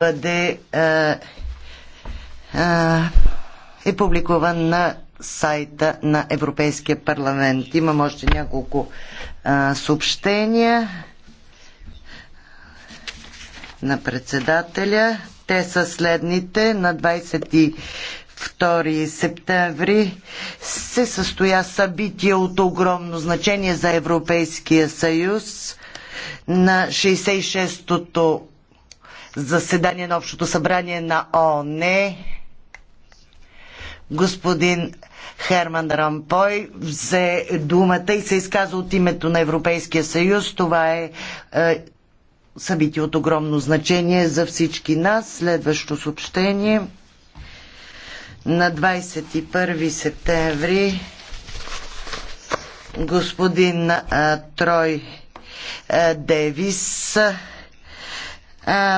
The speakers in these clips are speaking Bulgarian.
бъде а, е, а, е, е публикуван на сайта на Европейския парламент. Имам още няколко а, е, съобщения на председателя. Те са следните. На 22 септември се състоя събитие от огромно значение за Европейския съюз на 66-тото заседание на Общото събрание на ООН господин Херман Рампой взе думата и се изказа от името на Европейския съюз. Това е, е събитие от огромно значение за всички нас. Следващо съобщение на 21 септември господин е, Трой е, Девис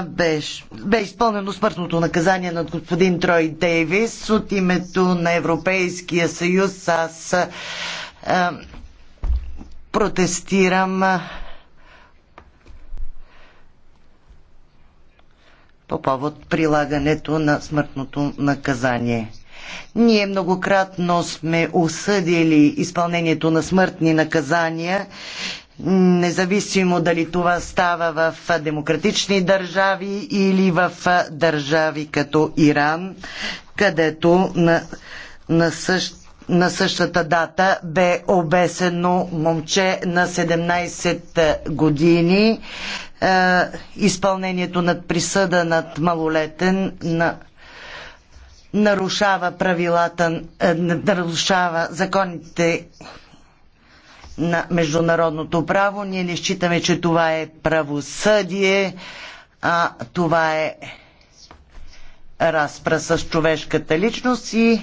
беше, бе изпълнено смъртното наказание на господин Трой Дейвис от името на Европейския съюз. Аз а, протестирам по повод прилагането на смъртното наказание. Ние многократно сме осъдили изпълнението на смъртни наказания независимо дали това става в демократични държави или в държави като Иран, където на, на, същ, на същата дата бе обесено момче на 17 години. Е, изпълнението над присъда над малолетен на нарушава правилата, е, нарушава законите на международното право. Ние не считаме, че това е правосъдие, а това е разпра с човешката личност и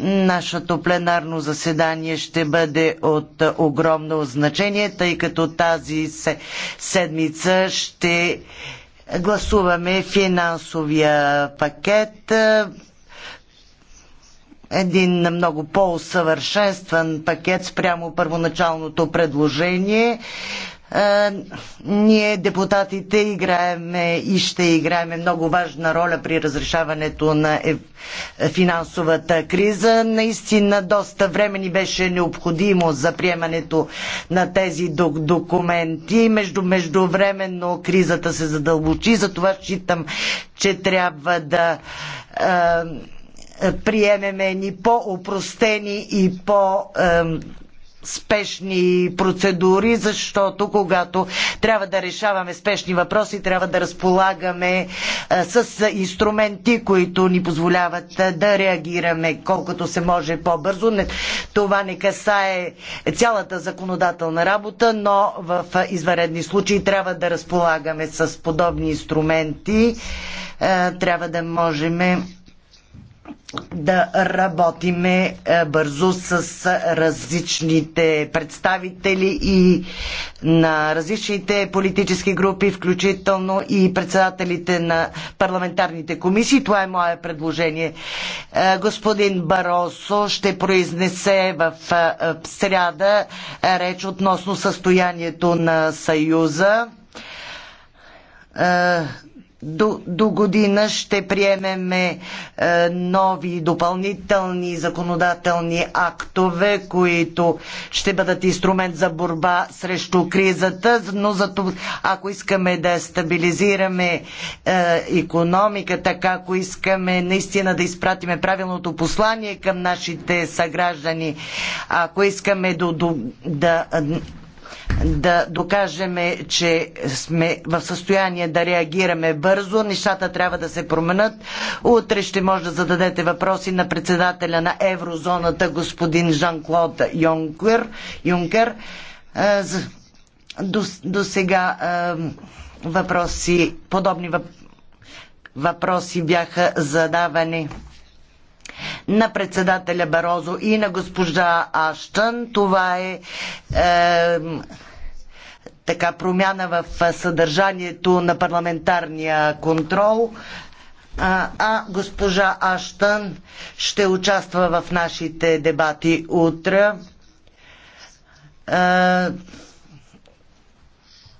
Нашето пленарно заседание ще бъде от огромно значение, тъй като тази седмица ще гласуваме финансовия пакет, един много по-усъвършенстван пакет спрямо първоначалното предложение. Е, ние, депутатите, играеме и ще играем много важна роля при разрешаването на е, финансовата криза. Наистина, доста време ни беше необходимо за приемането на тези документи. Между, междувременно кризата се задълбочи, затова считам, че трябва да е, приемеме ни по-опростени и по- спешни процедури, защото когато трябва да решаваме спешни въпроси, трябва да разполагаме е, с инструменти, които ни позволяват е, да реагираме колкото се може по-бързо. Това не касае цялата законодателна работа, но в е, изваредни случаи трябва да разполагаме с подобни инструменти. Трябва да можем да работиме е, бързо с различните представители и на различните политически групи, включително и председателите на парламентарните комисии. Това е мое предложение. Е, господин Баросо ще произнесе в е, сряда реч относно състоянието на Съюза до, до година ще приемеме е, нови допълнителни законодателни актове, които ще бъдат инструмент за борба срещу кризата, но за това, ако искаме да стабилизираме е, економиката, ако искаме наистина да изпратиме правилното послание към нашите съграждани, ако искаме до, до, да да докажем, че сме в състояние да реагираме бързо. Нещата трябва да се променят. Утре ще може да зададете въпроси на председателя на еврозоната, господин Жан-Клод Юнкер. Юнкер. До, до сега въпроси, подобни въпроси бяха задавани на председателя Барозо и на госпожа Аштън. Това е, е така промяна в съдържанието на парламентарния контрол. А, а госпожа Аштън ще участва в нашите дебати утре. Е,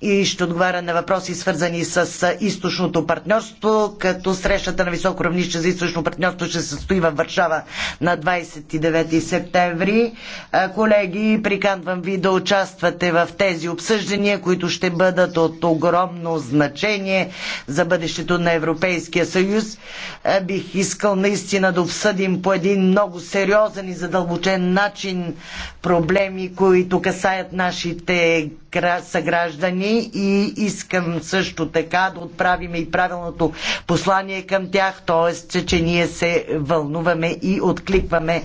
и ще отговаря на въпроси свързани с източното партньорство, като срещата на високо равнище за източно партньорство ще се състои във Варшава на 29 септември. Колеги, приканвам ви да участвате в тези обсъждания, които ще бъдат от огромно значение за бъдещето на Европейския съюз. Бих искал наистина да обсъдим по един много сериозен и задълбочен начин проблеми, които касаят нашите съграждани ни и искам също така да отправим и правилното послание към тях, т.е. че ние се вълнуваме и откликваме